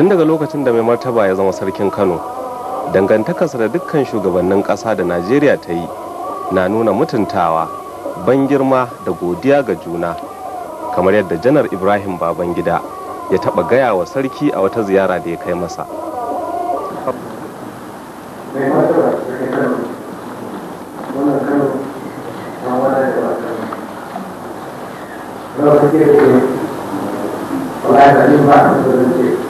tun daga lokacin da mai martaba ya zama sarkin kano dangantakarsa da dukkan shugabannin ƙasa da najeriya ta yi na nuna mutuntawa ban girma da godiya ga juna kamar yadda janar ibrahim babangida ya taɓa gaya wa sarki a wata ziyara da ya kai masa Thank you.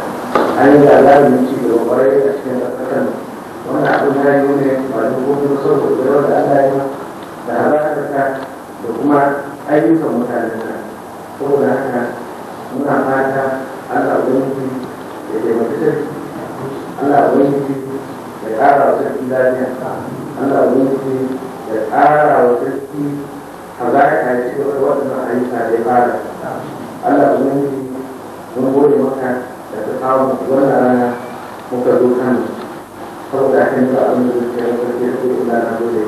an yi labarin ci da kwarai a cikin ƙasar wani abu na yi ne ba da hukumin da yau da Allah ya da ta da kuma ayyukan mutane ta da haka muna fata Allah ubangiji ya taimaki sarki Allah ubangiji ya ƙara wa sarki lafiya Allah ubangiji ya ƙara wa sarki hazaka ya ce waɗannan ayyuka da ya fara Allah ubangiji mun gode maka da ta samu wannan rana muka zo kan saboda kan da abin da ke da kuma da